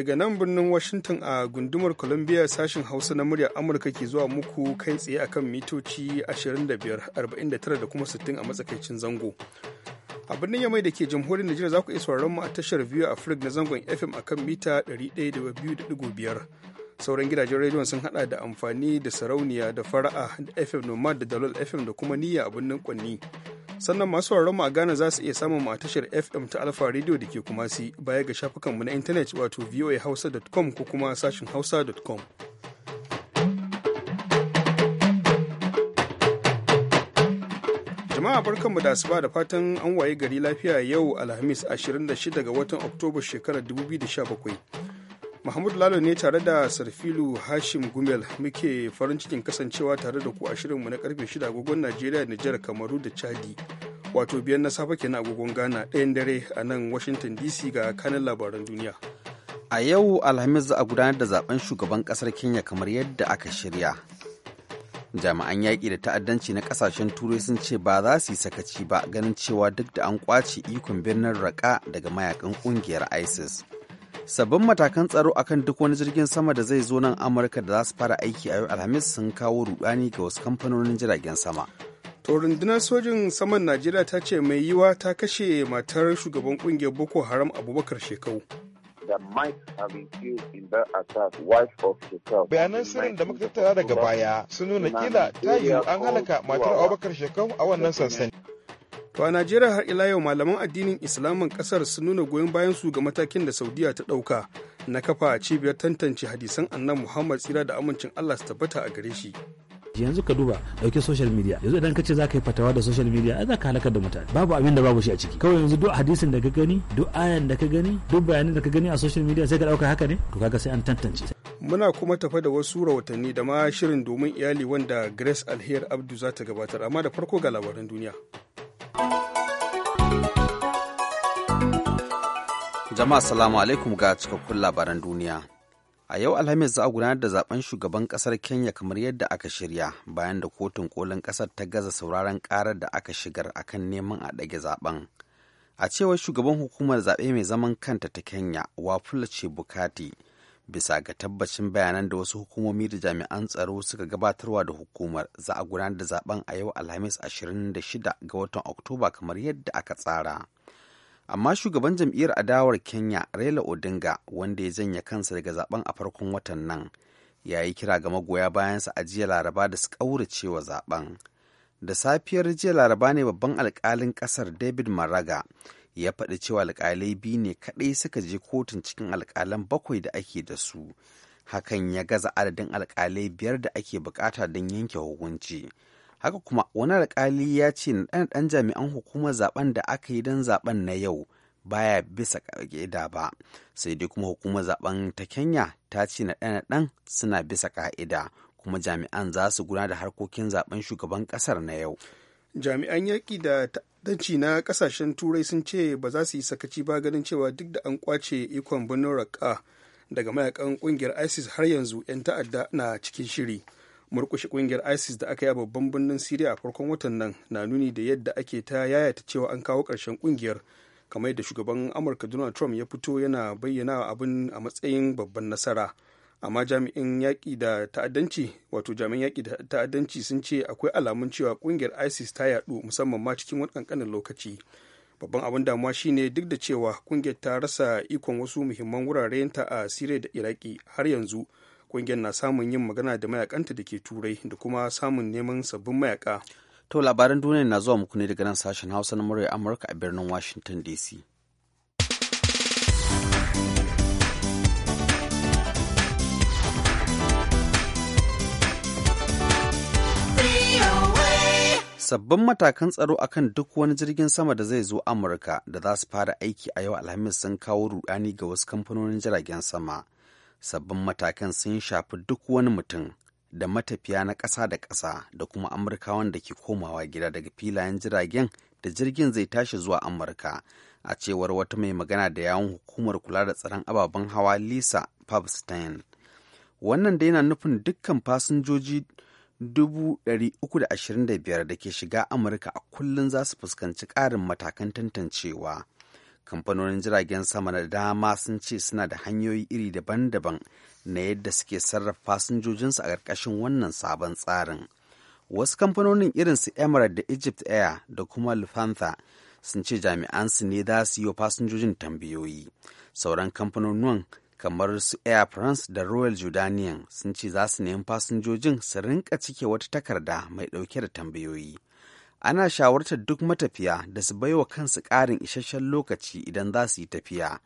daga nan birnin Washington a gundumar Columbia sashen Hausa na muryar Amurka ke zuwa muku kai tsaye akan mitoci 25, 49 da kuma 60 a matsakaicin zango. A birnin Yamai da ke jamhuriyar Najeriya za ku iya sauraron mu a tashar biyu a frig na zangon FM akan mita 102.5. Sauran gidajen rediyon sun hada da amfani da sarauniya da fara'a da FM Nomad da Dalol FM da kuma niyya a birnin Kwanni. sannan masu mu a Ghana za su iya samun a tashar FM ta Alfa Radio da ke kuma si baya ga shafukanmu na intanet wato voahausa.com ko kuma sashin hausa.com. Jama'a barkanmu da asuba da fatan an waye gari lafiya yau Alhamis 26 ga watan Oktoba shekarar 2017. Mahmud Lalo ne tare da Sarfilu Hashim Gumel muke farin cikin kasancewa tare da ku a shirinmu na karfe 6 agogon Najeriya, Nijar, Kamaru da Chadi. Wato biyan na safe kenan agogon Ghana ɗayan dare a nan Washington DC ga kanin labaran duniya. A yau Alhamis za a gudanar da zaben shugaban kasar Kenya kamar yadda aka shirya. Jami'an yaƙi da ta'addanci na ƙasashen Turai sun ce ba za su yi sakaci ba ganin cewa duk da an kwace ikon birnin raka daga mayakan ƙungiyar ISIS. sabbin matakan tsaro akan duk wani jirgin sama da zai zo nan amurka da za su fara aiki a yau alhamis sun kawo rudani ga wasu kamfanonin jiragen sama to rundunar sojin saman najeriya ta ce mai yiwa ta kashe matar shugaban kungiyar boko haram abubakar shekau bayanan sirrin da muka tattara daga baya sun nuna kila ta yiwu an halaka matar abubakar shekau a wannan sansani To a Najeriya har ila yau malaman addinin Islamin kasar sun nuna goyon bayan su ga matakin da Saudiya ta ɗauka na kafa cibiyar tantance hadisan annan Muhammad tsira da amincin Allah su tabbata a gare shi. yanzu ka duba dauke social media yanzu idan ka ce za ka yi fatawa da social media za ka halakar da mutane babu abin da babu shi a ciki kawai yanzu duk hadisin da ka gani duk ayan da ka gani duk bayanin da ka gani a social media sai ka dauka haka ne to kaga sai an tantance muna kuma tafa da wasu rawatanni da ma shirin domin iyali wanda Grace Alher Abdu za ta gabatar amma da farko ga labaran duniya Jama'a salamu alaikum ga cikakkun labaran duniya. A yau Alhamis za a gudanar da zaben shugaban kasar Kenya kamar yadda aka shirya bayan da kotun kolin kasar ta gaza sauraron karar da aka shigar akan neman a ɗage zaben. A cewar shugaban hukumar zaɓe mai zaman kanta ta Kenya, Wafula Chebukati, bukati bisa ga tabbacin bayanan da wasu hukumomi da jami'an tsaro suka gabatarwa da hukumar za a gudanar da zaben a yau alhamis 26 ga watan oktoba kamar yadda aka tsara amma shugaban jam'iyyar adawar kenya raila odinga wanda ya janye kansa daga zaben a farkon watan nan ya yi kira ga magoya bayansa a jiya laraba da su ƙaurace wa zaben da safiyar jiya laraba ne babban alkalin ƙasar david maraga ya faɗi cewa alƙalai biyu ne kaɗai suka je kotun cikin alƙalan bakwai da ake da su hakan ya gaza adadin alƙalai biyar da ake bukata don yanke hukunci haka kuma wani alƙali ya ce na ɗan jami'an hukumar zaben da aka yi don zaben na yau baya bisa ƙa'ida ba sai dai kuma hukumar zaben ta kenya ta ce na ɗan suna bisa ƙa'ida kuma jami'an za su gudanar da harkokin zaben shugaban ƙasar na yau jami'an yaƙi da ta'addanci na ƙasashen turai sun ce ba za su yi sakaci ba ganin cewa duk da an kwace ikon birnin raqqa daga mayakan ƙungiyar isis har yanzu 'yan ta'adda na cikin shiri murkushe ƙungiyar isis da aka yi a babban birnin siriya a farkon watan nan na nuni da yadda ake ta yayata cewa an kawo ƙarshen ƙungiyar kamar yadda shugaban amurka donald trump ya fito yana bayyana abin a matsayin babban nasara amma jami'in yaƙi da ta'addanci wato jami'in yaƙi da ta'addanci sun ce akwai alamun cewa ƙungiyar isis ta yaɗu musamman ma cikin wani ƙanƙanin lokaci babban abin damuwa shine duk da cewa ƙungiyar ta rasa ikon wasu muhimman wuraren ta a sirai da iraki har yanzu ƙungiyar na samun yin magana da mayakanta da ke turai da kuma samun neman sabbin mayaka to labaran duniya na zuwa muku ne daga nan sashen hausa na murya amurka a birnin washington dc sabbin matakan tsaro akan duk wani jirgin sama da zai zo amurka da za su fara aiki a yau alhamis sun kawo rudani ga wasu kamfanonin jiragen sama sabbin matakan sun shafi duk wani mutum da matafiya na ƙasa da ƙasa da kuma amurka da ke komawa gida daga filayen jiragen da jirgin zai tashi zuwa amurka a cewar wata mai magana da yawon hukumar kula da tsaron ababen hawa lisa pabstein wannan da yana nufin dukkan fasinjoji 325,000 da ke shiga Amurka a kullum za su fuskanci ƙarin matakan tantancewa. Kamfanonin jiragen sama na dama sun ce suna da hanyoyi iri daban-daban na yadda suke sarrafa fasinjojinsu a ƙarƙashin wannan sabon tsarin. Wasu kamfanonin irin su Emirates da Egypt Air da kuma Lufthansa sun ce jami'ansu ne za su yi wa fasinjojin tambayoyi. Sauran kamfanonin kamar su air france da royal jordanian sun ce za su nemi fasinjojin su rinka cike wata takarda mai ɗauke da tambayoyi ana shawartar duk matafiya da su baiwa kansu ƙarin isasshen lokaci idan za su yi tafiya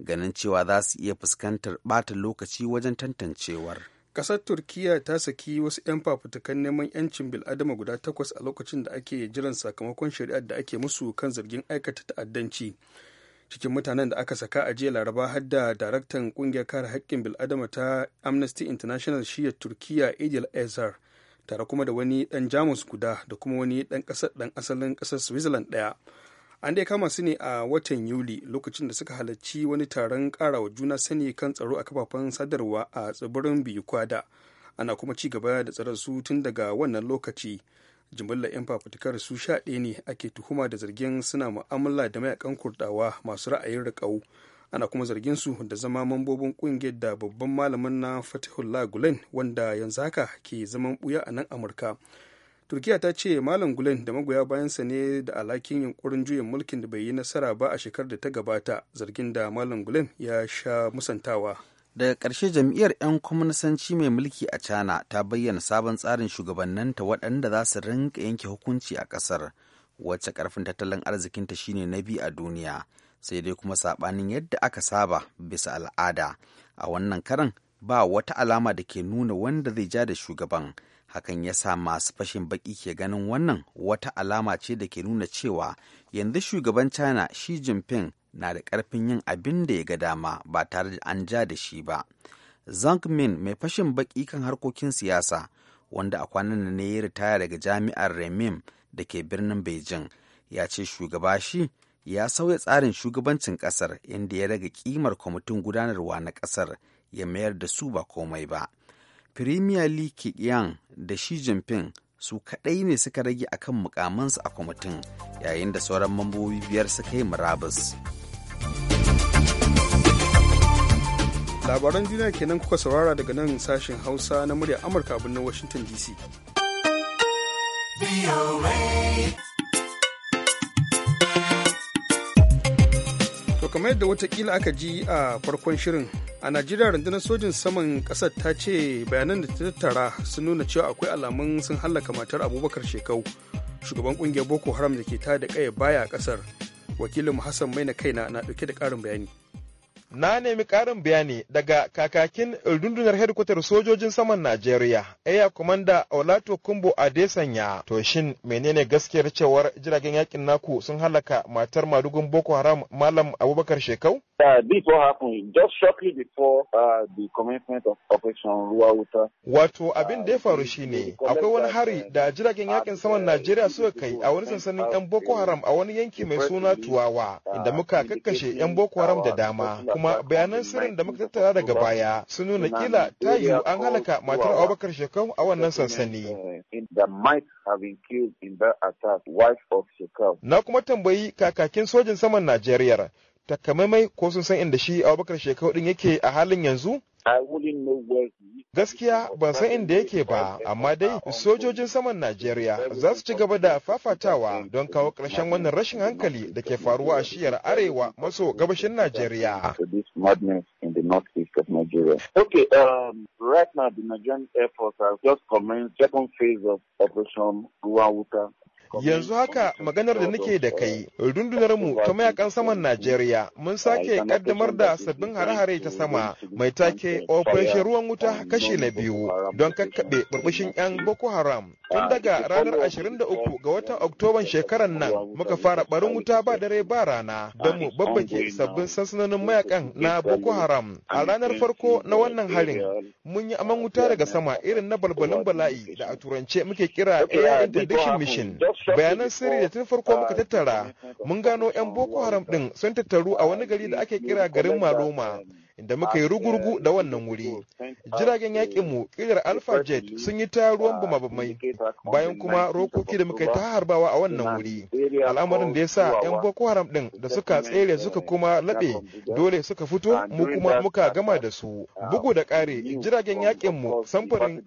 ganin cewa za su iya fuskantar ɓata lokaci wajen tantancewar ƙasar turkiya ta saki wasu 'yan fafutukan neman 'yancin bil'adama guda takwas a lokacin da ake jiran sakamakon shari'ar da ake musu kan zargin aikata ta'addanci cikin mutanen da aka saka a jiya laraba har da daraktan kungiyar kare haƙƙin bil'adama ta amnesty international shiya turkiya idil ezar tare kuma da wani ɗan jamus guda da kuma wani ɗan ƙasar ɗan asalin ƙasar switzerland ɗaya an dai kama su ne a watan yuli lokacin da suka halarci wani taron ƙarawa juna sani kan tsaro a kafafen sadarwa a tsibirin biyu kwada ana kuma ci gaba da tsaron su tun daga wannan lokaci jimillar 'yan fafutukar su sha ɗaya ne ake tuhuma da zargin suna mu'amala da mayakan kurɗawa masu ra'ayin riƙau ana kuma zargin su da zama mambobin ƙungiyar da babban malamin na fatihullah gulen wanda yanzu haka ke zaman ɓuya a nan amurka turkiya ta ce malam gulen da magoya bayansa ne da alhakin yunkurin juyin mulkin da bai yi nasara ba a shekarar da ta gabata zargin da malam gulen ya sha musantawa daga ƙarshe jam'iyyar 'yan kwamnisanci mai mulki a china ta bayyana sabon tsarin shugabanninta waɗanda za su rinka yanke hukunci a ƙasar wacce ƙarfin tattalin arzikinta shine na biyu a duniya sai dai kuma saɓanin yadda aka saba bisa al'ada a wannan karan ba wata alama da ke nuna wanda zai ja da shugaban hakan ya sa masu fashin baƙi ke ganin wannan wata alama ce da ke nuna cewa yanzu shugaban china shi jinping na da ƙarfin yin abin da ya ga dama ba tare da an ja da shi ba. Zhang Min mai fashin baki kan harkokin siyasa wanda a kwanan ne ya ritaya daga jami'ar Remim da ke birnin Beijing ya ce shugaba shi ya sauya tsarin shugabancin ƙasar inda ya rage kimar kwamitin gudanarwa na ƙasar ya mayar da su ba komai ba. Premier Li Keqiang da Xi Jinping su kaɗai ne suka rage akan mukamansu a kwamitin yayin da sauran mambobi biyar suka yi murabus. labaran duniya kenan kuka saurara daga nan sashen hausa na murya amurka birnin washington dc to kamar yadda watakila aka ji a farkon shirin a najeriya rundunar sojin saman kasar ta ce bayanan da ta tattara sun nuna cewa akwai alamun sun hallaka matar abubakar shekau shugaban kungiyar boko haram da ke ta da kaya baya a kasar wakilin hassan mai na kaina na dauke da karin bayani Na nemi ƙarin bayani daga kakakin rundunar hedkwatar sojojin saman Najeriya, Air Commander Olato Kumbo Adesanya. To shin menene gaskiyar cewar jiragen yakin naku sun halaka matar madugun Boko Haram Malam Abubakar Shekau? Uh, uh, Wato abin da ya uh, faru shine akwai wani hari da jiragen yakin saman Najeriya suka kai a wani sansanin 'yan Boko Haram a wani yanki mai suna Tuwawa, inda muka kakkashe 'yan Boko Haram da dama. kuma bayanan sirrin da muka tattara daga baya sun nuna kila ta yiwu an halaka matar Abubakar Shekau a wannan sansani. Na kuma tambayi kakakin sojin saman Najeriya takamaimai ko sun san inda shi Abubakar Shekau din yake a halin yanzu? Gaskiya ban san inda yake ba, amma dai uh, sojojin saman Najeriya za su ci gaba da fafatawa don kawo ƙarshen wannan rashin hankali da ke faruwa a shiyar arewa maso gabashin Najeriya. Okay, um, right the Nigerian Air Force has just commenced second phase of Operation Ruwan Wuta. yanzu haka maganar da nake da kai rundunar mu ta mayakan saman Najeriya mun sake kaddamar da sabbin hare-hare ta sama mai take operation ruwan wuta kashi na biyu don kakkaɓe burbushin 'yan Boko Haram tun daga ranar 23 ga watan Oktoban shekarar nan muka fara ɓarin wuta ba dare ba rana don mu babbake sabbin sansanonin mayakan na Boko Haram a ranar farko na wannan harin mun yi aman wuta daga sama irin na balbalin bala'i da a turance muke kira air interdiction mission bayanan sirri da tun farko muka tattara mun gano 'yan boko haram din sun tattaru a wani gari da ake kira garin maloma inda muka yi rugurgu da wannan wuri jiragen yakin mu alpha jet sun yi ta ruwan bumabumai bayan kuma rokoki da muka yi ta harbawa a wannan wuri al'amarin da ya sa yan boko haram din da suka tsere suka kuma laɓe dole suka fito mu kuma muka gama da su bugu da ƙari jiragen yakin mu samfurin mi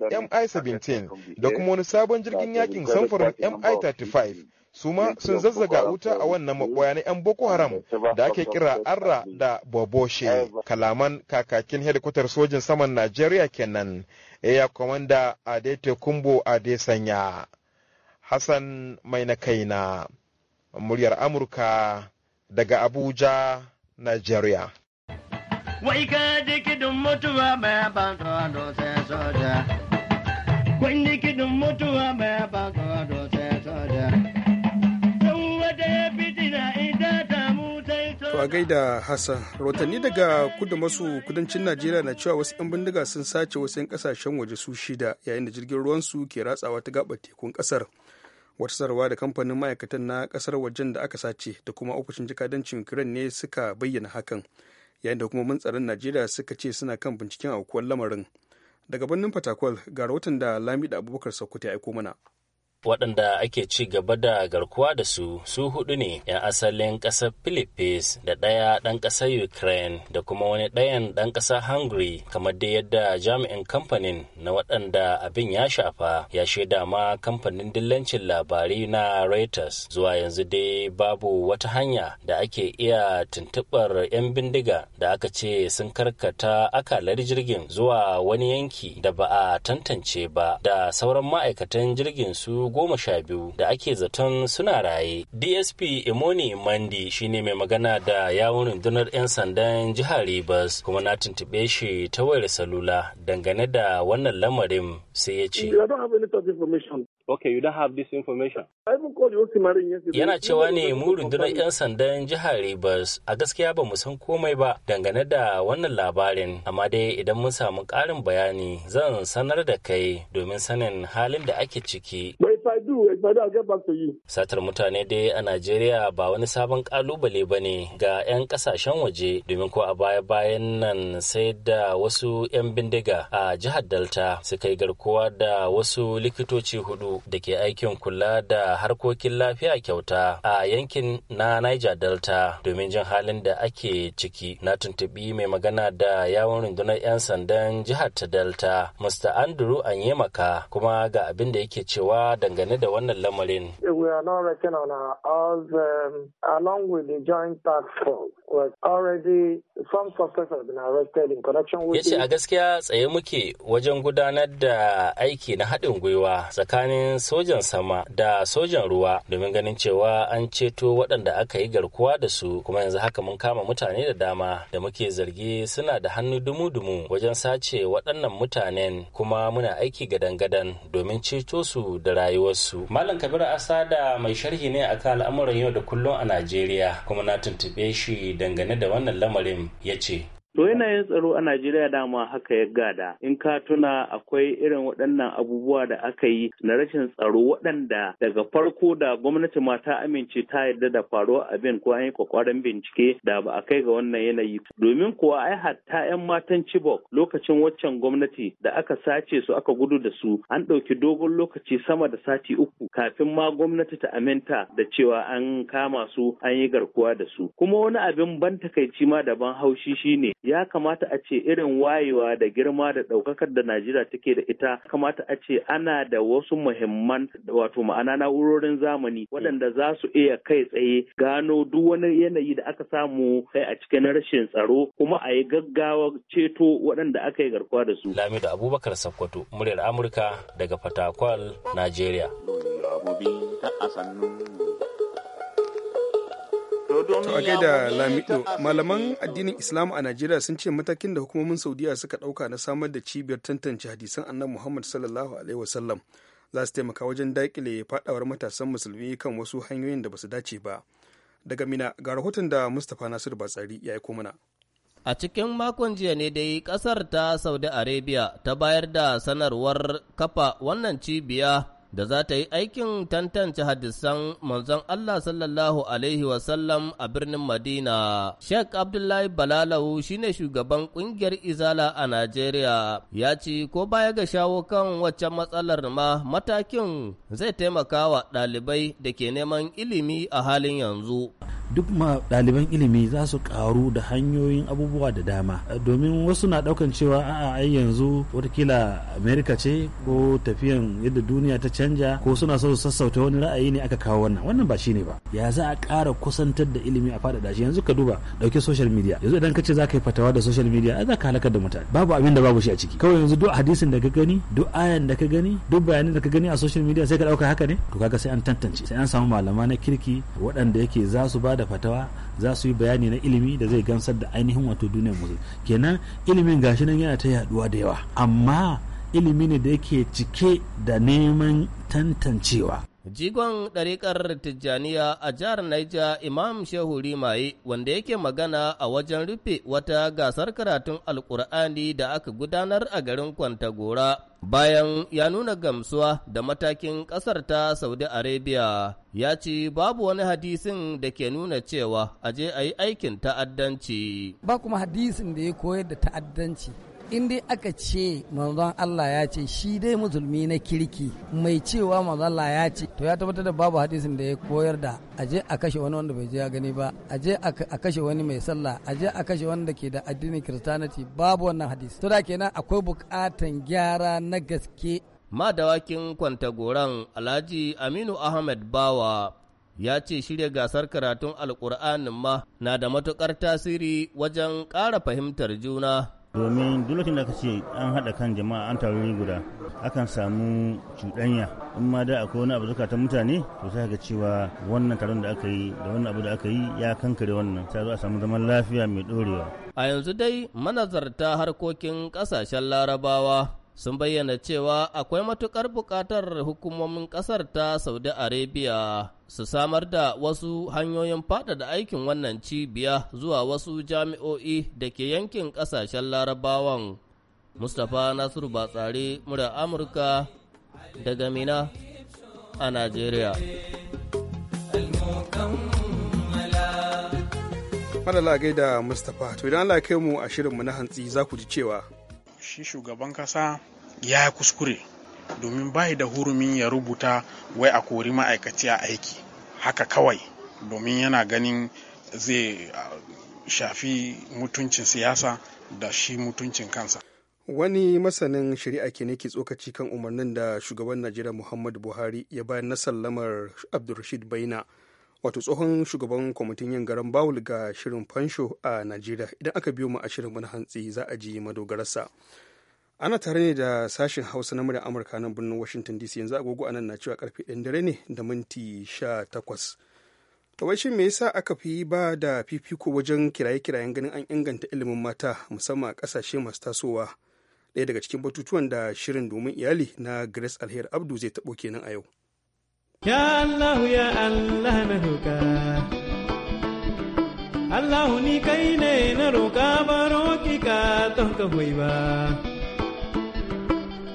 17 da kuma wani sabon jirgin yakin samfurin mi 35 su ma sun zazzaga wuta a wannan maɓoya na 'yan boko haram da ake kira arra da boboshe kalaman kakakin helikwatar sojin saman najeriya kenan ya kwamanda daita kumbo adesanya hassan mai na kaina muryar amurka daga abuja najeriya wai ka jikidin mutuwa mai sai soja mutuwa mai sai soja a gaida Hassan. rotanni daga kudu maso kudancin Najeriya na cewa wasu 'yan bindiga sun sace wasu 'yan kasashen waje su shida yayin da jirgin ruwansu ke ratsawa ta gabar tekun kasar. Wata sarwa da kamfanin ma'aikatan na kasar wajen da aka sace da kuma ofishin jikadancin kiran ne suka bayyana hakan. Yayin da kuma tsaron Najeriya suka ce suna kan binciken aukuwar lamarin. Daga birnin Fatakwal ga rahoton da Lamida Abubakar Sokoto ya aiko mana. waɗanda ake ci gaba da garkuwa da su su hudu ne 'yan asalin ƙasar philippines da ɗaya ɗan ƙasar ukraine da kuma wani ɗayan ɗan ƙasar hungary kamar dai yadda jami'in kamfanin na waɗanda abin ya shafa ya shaida ma kamfanin dillancin labarai na reuters zuwa yanzu dai babu wata hanya da ake iya tuntuɓar 'yan bindiga da aka ce sun karkata akalar jirgin zuwa wani yanki da ba a tantance ba da sauran ma'aikatan jirgin su goma sha biyu da ake zaton suna raye dsp imoni mandi shine mai magana da yawon rundunar 'yan sandan jihar rivers kuma na tuntuɓe shi ta wayar salula dangane da wannan lamarin sai ya ce Okay, you don't have this information. Yana cewa ne mu rundunar 'yan sandan jihar Rivers a gaskiya ba mu san komai ba dangane da wannan labarin, amma dai idan mun samu ƙarin bayani zan sanar da kai domin sanin halin da ake ciki. do get back to you. Satar mutane dai a Najeriya ba wani sabon kalubale ba ne ga 'yan kasashen waje domin ko a baya-bayan nan sai da wasu 'yan bindiga a jihar Delta suka yi garkuwa da wasu likitoci hudu da ke aikin kula da harkokin lafiya kyauta a yankin na Niger Delta domin jin halin da ake ciki na tuntubi mai magana da yawon rundunar 'yan sandan jihar ta Delta Mr. Andrew Anyemaka kuma ga abin da yake cewa dangane da wannan lamarin. We are um, joint task force, already Yace a gaskiya tsaye muke wajen gudanar da aiki na haɗin gwiwa tsakanin sojan sama da sojan ruwa domin ganin cewa an ceto waɗanda aka yi garkuwa da su kuma yanzu haka mun kama mutane da dama da muke zargi suna da hannu dumu-dumu wajen sace waɗannan mutanen kuma muna aiki gadan-gadan domin ceto su da rayuwarsu. su malam kabiru asada mai sharhi ne akan al'amuran yau da kullum a najeriya kuma na tuntube shi dangane da wannan lamarin ya ce To yanayin tsaro a Najeriya dama haka ya gada. In ka tuna akwai irin waɗannan abubuwa da aka yi na rashin tsaro waɗanda daga farko da gwamnati ma ta amince ta yarda da faruwa abin ko an yi kwakwaran bincike da ba a kai ga wannan yanayi. Domin kuwa ai hatta 'yan matan Chibok lokacin waccan gwamnati da aka sace su aka gudu da su an ɗauki dogon lokaci sama da sati uku kafin ma gwamnati ta aminta da cewa an kama su an yi garkuwa da su. Kuma wani abin ban takaici ma daban haushi shine ya kamata a ce irin wayewa da girma da ɗaukakar da Najeriya take da ita kamata a ce ana da wasu muhimman wato ma'ana na'urorin zamani waɗanda za su iya kai tsaye gano duk wani yanayi da aka samu kai eh, a cikin rashin tsaro kuma a yi gaggawa ceto waɗanda aka yi garkuwa da su. Lamido Abubakar Sakkwato, muryar Amurka daga Fatakwal, Najeriya. To a gaida Lamido, malaman addinin Islam a Najeriya sun ce matakin da hukumomin Saudiya suka dauka na samar da cibiyar tantance hadisan annabi Muhammad sallallahu alaihi wasallam za su taimaka wajen daƙile faɗawar matasan musulmi kan wasu hanyoyin da ba su dace ba. Daga Mina ga rahoton da Mustapha Nasiru Batsari ya aiko mana. A cikin makon jiya ne dai kasar ta Saudi Arabia ta bayar da sanarwar kafa wannan cibiya da za ta yi aikin tantance hadisan manzon Allah sallallahu Alaihi wasallam a birnin Madina. Sheikh Abdullahi Balalau shine shugaban kungiyar Izala a Najeriya ya ce ko baya ga shawo kan waccan matsalar ma matakin zai taimaka wa ɗalibai da ke neman ilimi a halin yanzu. duk ma ɗaliban ilimi za su karu da hanyoyin abubuwa da dama domin wasu na ɗaukan cewa a ai yanzu watakila amerika ce ko tafiyan yadda duniya ta canja ko suna so su sassauta wani ra'ayi ne aka kawo wannan wannan ba shine ba ya za a ƙara kusantar da ilimi a faɗaɗa shi yanzu ka duba ɗauke social media yanzu idan ka ce za ka yi fatawa da social media za ka halakar da mutane babu abin da babu shi a ciki kawai yanzu duk hadisin da ka gani duk ayan da ka gani duk bayanin da ka gani a social media sai ka ɗauka haka ne to kaga sai an tantance sai an samu malama na kirki waɗanda yake za su ba da da fatawa za su yi bayani na ilimi da zai gansar da ainihin wato duniyar musu kenan ilimin gashi nan yana ta yaduwa da yawa amma ilimi ne da yake cike da neman tantancewa Jigon ɗariƙar Tijjaniya a jihar Naija Imam Shehu Rimaye wanda yake magana a wajen rufe wata gasar karatun Alƙur'ani da aka gudanar a garin Kwantagora bayan ya nuna gamsuwa da matakin ƙasar ta Saudi Arabia ya ce babu wani hadisin da ke nuna cewa aje a yi aikin ta'addanci. Ba kuma hadisin da ya koyar da ta'addanci. in dai aka ce manzon Allah ya ce shi dai musulmi na kirki mai cewa manzon Allah ya ce to ya tabbatar da babu hadisin da ya koyar da aje a kashe wani wanda bai je ya gani ba aje a kashe wani mai sallah aje a kashe wanda ke da addinin kiristaniti babu wannan hadisi to da kenan akwai bukatan gyara na gaske madawakin goran alhaji aminu ahmed bawa ya ce shirya gasar karatun alkur'anin ma na da matukar tasiri wajen ƙara fahimtar juna domin duk lokacin da aka ce an haɗa kan jama'a an taru guda akan samu cuɗanya in ma da akwai wani abu zukatan mutane to sai ga cewa wannan taron da aka yi da wannan abu da aka yi ya kankare wannan sai a samu zaman lafiya mai ɗorewa a yanzu dai manazarta harkokin ƙasashen larabawa sun bayyana cewa akwai matuƙar buƙatar hukumomin ƙasar ta Saudi Arabia su samar da wasu hanyoyin faɗaɗa aikin wannan cibiya zuwa wasu jami'o'i da ke yankin ƙasashen larabawan. Mustapha Nasiru Batsari, mura Amurka daga Mina a Najeriya. Madalla gaida Mustapha, to idan Allah kai mu a shirinmu na hantsi za ku ji cewa shi shugaban kasa ya kuskure domin bayi da hurumin ya rubuta wai a kori ma'aikaci a aiki haka kawai domin yana ganin zai uh, shafi mutuncin siyasa da shi mutuncin kansa wani masanin shari'a ke ne ke tsokaci kan umarnin da shugaban najeriya muhammadu buhari ya bayan na sallamar abdulrashid baina wato tsohon shugaban kwamitin yin garan bawul ga shirin fansho a najeriya idan aka biyo mu a shirin wani hantsi za a ji madogararsa ana tare ne da sashen hausa na muryar amurka nan birnin washington dc yanzu agogo a nan na cewa karfe ɗan dare ne da minti sha takwas kawai shin me yasa aka fi ba da fifiko wajen kiraye-kirayen ganin an inganta ilimin mata musamman a ƙasashe masu tasowa ɗaya daga cikin batutuwan da shirin domin iyali na grace alheri abdu zai taɓo kenan a yau Ya Allah ya Allah na roƙa Allah ni kai ne na roƙa baro ki ka ton ka hoyi ba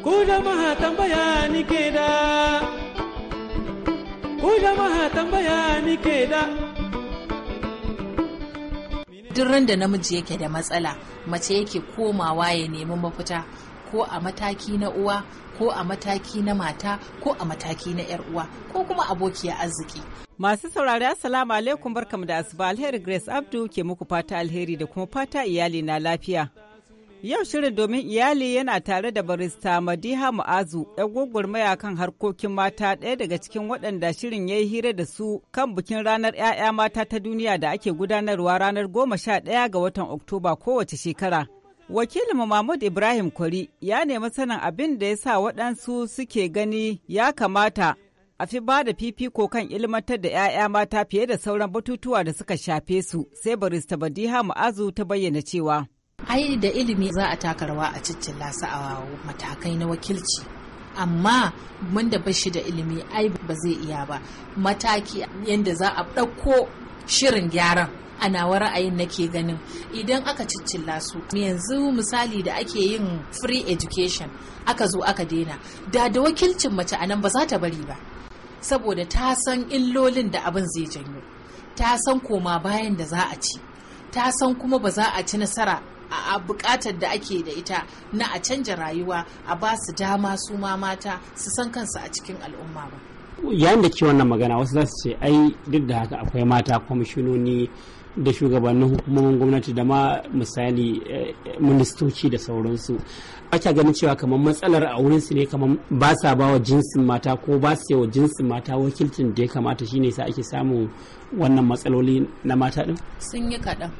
Ku jama'a tambaya ni ke da Ku jama'a tambaya ni ke da Duk da namiji yake da matsala mace yake komawa ya nemi mafita ko a mataki na uwa ko a mataki na mata ko a mataki na 'yar uwa ko kuma abokiya arziki. Masu saurari Assalamu alaikum barkamu da asuba alheri Grace Abdu ke muku fata alheri da kuma fata iyali na lafiya. Yau shirin domin iyali yana tare da barista Madiha Mu'azu, 'yan gwagwarmaya kan harkokin mata ɗaya daga cikin waɗanda shirin ya yi hira da su kan bikin ranar 'ya'ya mata ta duniya da ake gudanarwa ranar goma sha ɗaya ga watan Oktoba kowace shekara. wakilin Mahmud Ibrahim Kwari ya nemi sanin abin da ya sa waɗansu suke gani ya kamata a fi ba da fifiko kan ilmantar da 'ya'ya mata fiye da sauran batutuwa da suka shafe su sai barista Badiha Mu'azu ta bayyana cewa. Ai da ilimi za a taka rawa a ciccillasa a matakai na wakilci. Amma wanda ba shi da ilimi ai ba zai iya ba mataki yadda za a ɗauko shirin gyaran a nawa ra'ayin nake ganin idan aka ciccilla su yanzu misali da ake yin free education aka zo aka daina da da wakilcin mace a nan ba za ta bari ba saboda ta san illolin da abin zai janyo ta san koma bayan da za a ci ta san kuma ba za a ci nasara a bukatar da ake da ita na a canja rayuwa a ba su dama su ma mata su san kansu a cikin al'umma ba yayin da ke wannan magana wasu za su ce ai duk da haka akwai mata kwamishinoni da shugabannin hukumomin gwamnati da ma misali eh, ministoci da sauransu aka ganin cewa kamar matsalar a wurin su ne kamar ba sa ba wa jinsin mata ko ba su wa jinsin mata wakilcin da ya kamata shine sa ake samun wannan matsaloli na mata din sun yi kaɗan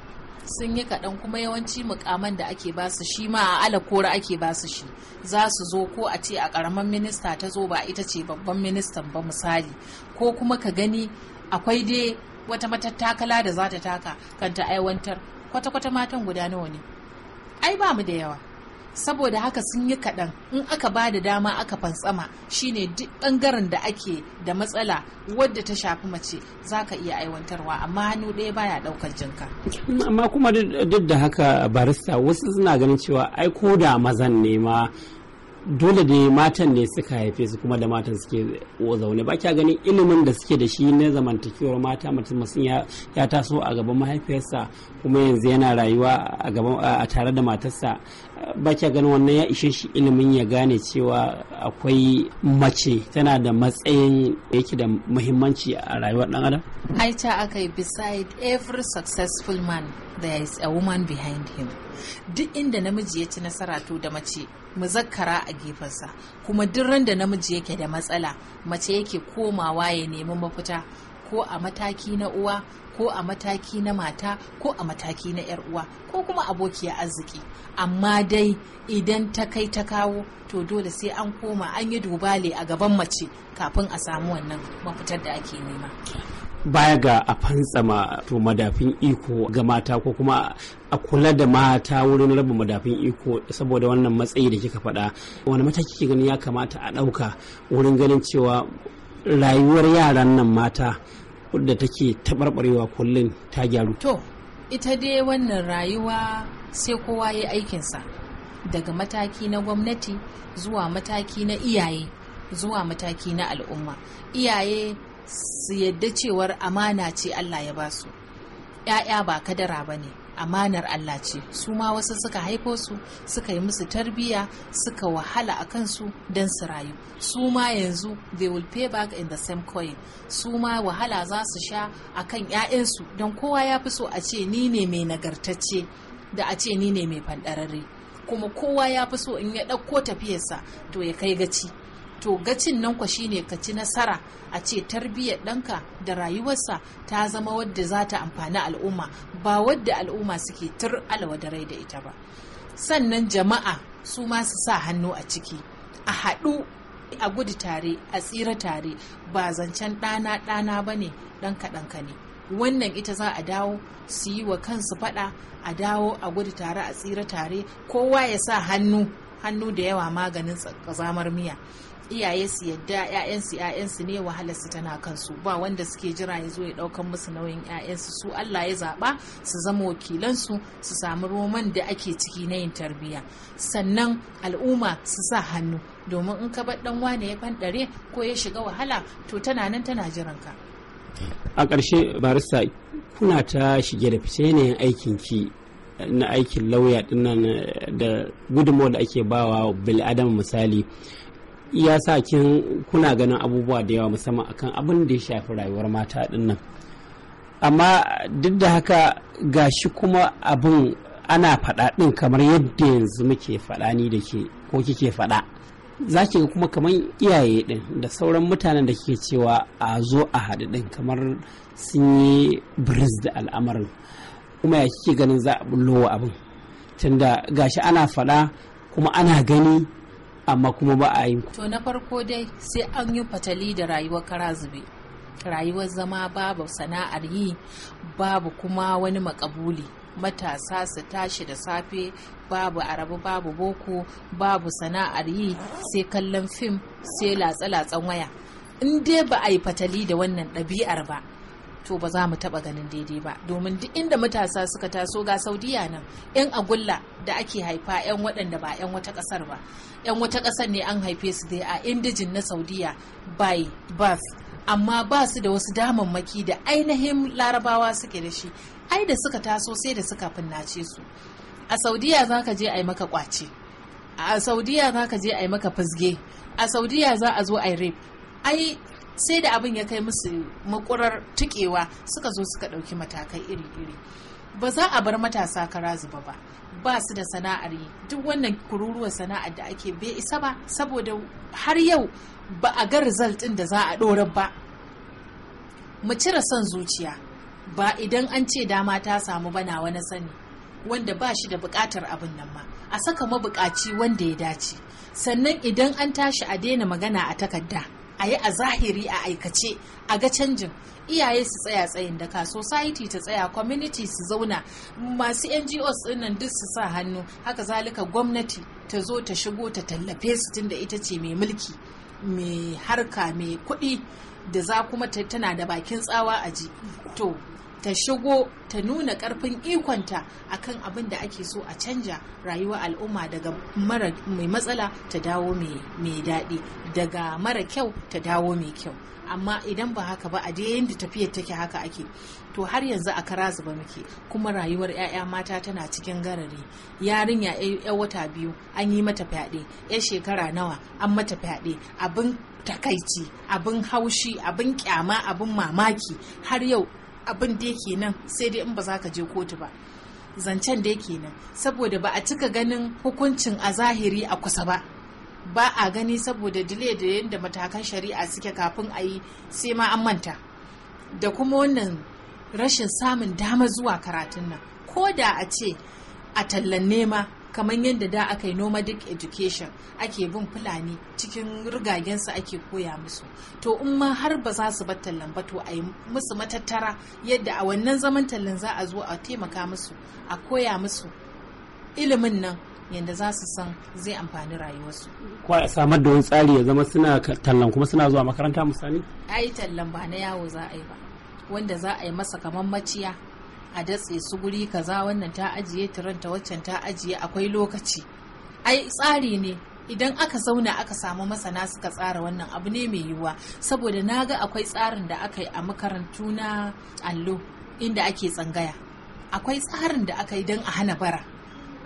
sun yi kaɗan kuma yawanci mukaman da ake su shi ma a alakora ake su shi za su zo ko a ce a ƙaramin minista ta zo ba ita ce babban ministan ba misali ko kuma ka gani akwai dai wata matattakala da za ta taka kan ta aiwantar kwata-kwata matan guda nawa ne ai ba mu da yawa saboda haka sun yi kaɗan in aka ba da dama aka fantsama shine duk ɓangaren da ake da matsala wadda ta shafi mace za ka iya aiwantarwa amma hannu ɗaya baya ɗaukar jinka amma kuma duk da haka barista wasu suna ganin cewa ai ko da mazan ne ma dole da matan ne suka haife su kuma da matan suke zaune ba kya ganin ilimin da suke da shi na zamantakewar mata mutum ya taso a gaban mahaifiyarsa kuma yanzu yana rayuwa a tare da matarsa ba ke ganin wannan ya ishe shi ilimin ya gane cewa akwai mace tana da matsayin yake da muhimmanci a rayuwar dan adam Aita aka yi beside every successful man there is a woman behind him duk inda namiji ya ci nasara to da mace muzakkara a gefensa kuma duk ran da namiji yake da matsala mace yake komawa ya nemi mafita ko a mataki na uwa ko a mataki na mata ko a mataki na 'yar uwa ko kuma abokiya arziki amma dai idan ta kai ta kawo to dole sai an koma an yi dubale a gaban mace kafin a samu wannan mafitar da ake nema baya ga a fantsama to madafin iko ga mata ko kuma a kula da mata wurin raba madafin iko saboda wannan matsayi da kika faɗa wani mataki ke gani ya kamata a ɗauka wurin ganin cewa rayuwar yaran nan mata wadda take taɓarɓarewa kullum ta gyaru. To, ita dai wannan rayuwa sai kowa ya aikinsa daga mataki na gwamnati zuwa mataki na iyaye zuwa mataki na al'umma. Iyaye su yadda cewar amana ce Allah ya basu. ‘Ya'ya ba kadara ba ne, amanar Allah ce su ma wasu suka haifo su suka yi musu tarbiyya suka wahala a kansu don su rayu su ma yanzu they will pay back in the same coin su ma wahala za su sha a kan 'ya'yansu don kowa ya fi so a ce ni ne mai nagartacce da a ce ni ne mai fanɗararre kuma kowa ya fi so in ya ɗauko tafiyarsa to ya kai gaci to gacin nan kwa shine ka ci nasara a ce tarbiyyar ɗanka da rayuwarsa ta zama wadda za ta amfani al'umma ba wadda al'umma suke tur alwadarai da ita ba sannan jama'a su ma su sa hannu a ciki a haɗu a gudu tare a tsira tare ba zancen ɗana ɗana ba ne ɗanka ɗanka ne wannan ita za a dawo su yi wa kansu faɗa a dawo a gudu tare a tsira tare kowa ya sa hannu hannu da yawa maganin ƙazamar miya iyaye su yadda ya'yansu ya'yansu ne wahalar su tana kansu ba wanda suke jira ya zo ya ɗaukan musu nauyin ya'yansu su Allah ya zaɓa su zama wakilansu su samu roman da ake ciki na yin tarbiyya sannan al'umma su sa hannu domin in ka bar ɗan wane ya fanɗare ko ya shiga wahala to tana nan tana jiran ka. a ƙarshe barista kuna ta shige da fice yanayin aikin ki na aikin lauya dinnan eh, da gudunmawar da ake bawa bil'adama misali ya sa kin kuna ganin abubuwa da yawa musamman akan abin da ya shafi rayuwar mata dinnan amma duk da haka gashi kuma abin ana faɗa ɗin kamar yadda yanzu muke faɗa ni da ke ko kike faɗa za ki ga kuma kamar iyaye ɗin da sauran mutanen da ke cewa a zo a haɗu ɗin kamar sun yi biris da al'amarin kuma ya kike ganin za a bullo abin tunda gashi ana faɗa kuma ana gani amma kuma ba a yi to na farko dai sai an yi fatali da rayuwar kara zube rayuwar zama babu sana'ar yi babu kuma wani makabuli matasa su tashi da safe babu arabu babu boko babu sana'ar yi sai kallon fim sai latsa-latsan waya in dai ba a yi fatali da wannan ɗabi'ar ba to ba za mu taba ganin daidai ba domin duk inda matasa suka taso ga saudiya nan yan agulla da ake haifa yan waɗanda ba yan wata ƙasar ba yan wata ƙasar ne an haife su dai a indijin na saudiya by birth amma ba su da wasu damammaki da ainihin larabawa suke da shi ai da suka taso sai da suka finnace su a saudiya za ka je a yi maka kwace a saudiya za ka je a yi maka fisge a saudiya za a zo a yi rape ai sai da abin ya kai musu makurar tukewa suka zo suka ɗauki matakai iri-iri ba za a bar matasa kara zuba ba ba su da sana'ar yi duk wannan kururuwar sana'ar da ake bai isa ba saboda har yau ba a ga result ɗin da za a ɗorar ba mu cire son zuciya ba idan an ce dama ta samu bana wani sani wanda ba shi da buƙatar abin nan ma a saka mabukaci wanda ya dace sannan idan an tashi a daina magana a takarda a yi a zahiri a aikace a ga canjin iyaye su tsaya tsayin daka society ta tsaya community su zauna masu ngos dinnan duk su sa hannu haka zalika gwamnati ta zo ta shigo ta tallafe su tunda ita ce mai mulki mai harka mai kuɗi da za kuma tana da bakin tsawa a ji to ta shigo ta nuna karfin ikonta kan abin da ake so a canja rayuwar al'umma daga mara mai matsala ta dawo mai daɗi daga mara kyau ta dawo mai kyau amma idan ba haka ba a dai yadda tafiyar take haka ake to har yanzu a kara ba muke kuma rayuwar 'ya'ya mata tana cikin garari yarinya 'yan wata biyu an yi mata fyaɗe 'yan shekara nawa an mata fyaɗe abin takaici abin haushi abin kyama abin mamaki har yau abin da yake nan sai dai in ba za ka je kotu ba zancen da yake nan saboda ba a cika ganin hukuncin a zahiri a kusa ba ba a gani saboda dile da yadda matakan shari'a suke kafin a yi sai ma an manta da kuma wannan rashin samun dama zuwa karatun nan ko da a ce a tallan nema kamar yadda da aka yi nomadic education ake bin fulani cikin rigagensu ake koya musu to in ma har ba za su bar tallan ba to a yi musu matattara yadda a wannan zaman tallan za a zo a taimaka musu a koya musu ilimin nan yadda za su san zai amfani rayuwarsu. Kwa samar da wani tsari ya zama suna tallan kuma suna zuwa makaranta misali? Ai tallan ba na yawo za a yi ba wanda za a yi masa kamar maciya a datse su guri kaza wannan ta ajiye ta waccan ta ajiye akwai lokaci ai tsari ne idan aka zauna aka samu masana suka tsara wannan abu ne mai yiwuwa saboda na ga akwai tsarin da aka yi a makarantu na allo inda ake tsangaya akwai tsarin da aka yi don a hana bara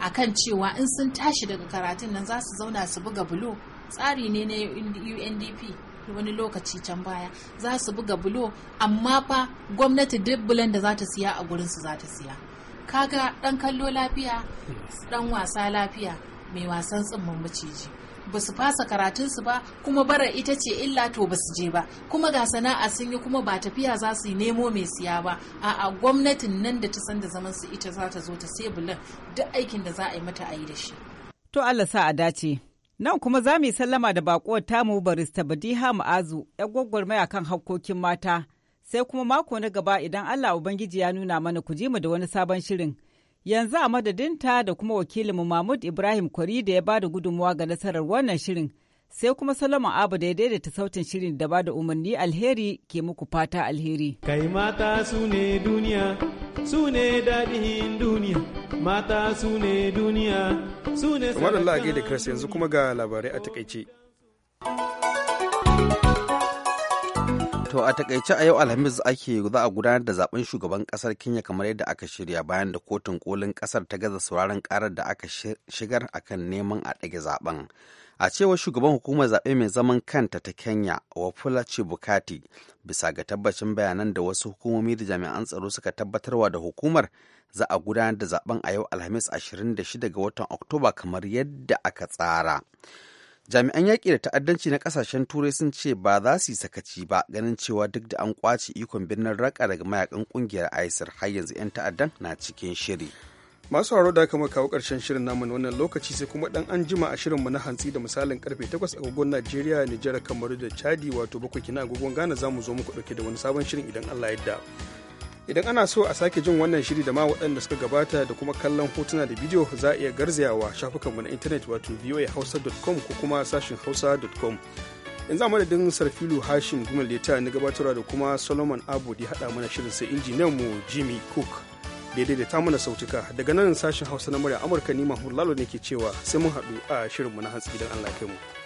A kan cewa in sun tashi daga karatun nan za su zauna su buga bulo tsari ne na undp wani lokaci can baya za su buga bulo amma fa gwamnati duk bulan da za ta siya a su za ta siya kaga dan kallo lafiya dan wasa lafiya mai wasan tsimmin maciji ba su fasa su ba kuma bara ita ce illa to ba su je ba kuma ga sana'a sun yi kuma ba tafiya za su yi nemo mai siya ba a'a gwamnatin nan da ta san da zaman su ita za ta zo ta sai bulan duk aikin da za a yi mata a yi da shi to Allah sa a dace Nan kuma za mu yi sallama da ta tamu barista Badiha Ma'azu, yar gwagwarmaya kan hakkokin mata, sai kuma mako na gaba idan Allah Ubangiji ya nuna mana ku ji mu da wani sabon shirin. Yanzu a madadinta da kuma wakilinmu Mahmud Ibrahim Kwari da ya ba da gudunmawa ga nasarar wannan shirin, sai kuma Solomon Abu da ya daidaita sautin shirin da bada umarni alheri ke muku fata alheri. Kai mata su ne duniya, su ne daɗin duniya mata su ne duniya su ne waɗanda da kras yanzu kuma ga labarai a takaice to a takaice a yau alhamis ake za a gudanar da zaben shugaban kasar kenya kamar yadda aka shirya bayan da kotun kolin kasar ta gaza sauraron karar da aka shigar akan neman a ɗage zaben a cewar shugaban hukumar zaɓe mai zaman kanta ta kenya wafula bukati bisa ga tabbacin bayanan da wasu hukumomi da jami'an tsaro suka tabbatarwa da hukumar za a gudanar da zaben a yau alhamis 26 ga watan oktoba kamar yadda aka tsara jami'an yaƙi da ta'addanci na ƙasashen turai sun ce ba za su yi sakaci ba ganin cewa duk da an kwace ikon birnin raka daga mayakan ƙungiyar isir har yanzu 'yan ta'addan na cikin shiri masu haro da aka kawo karshen shirin namu na wannan lokaci sai kuma dan an jima a shirinmu na hantsi da misalin karfe 8 agogon Najeriya, Nijar, kamar da Chadi wato bakwai kina agogon Ghana za zo muku dauke da wani sabon shirin idan Allah ya Idan ana so a sake jin wannan shiri da ma waɗanda suka gabata da kuma kallon hotuna da bidiyo za a iya garzayawa shafukanmu na intanet wato voahausa.com ko kuma sashin hausa.com. in za madadin sarfilu hashim gumal da ta na gabatarwa da kuma solomon abu da haɗa mana shirin sai injiniyan mu jimmy cook da daidaita mana sautuka daga nan sashen hausa na murya amurka ni mahmud lalo ne ke cewa sai mun haɗu a shirinmu na hantsi idan allah kai mu.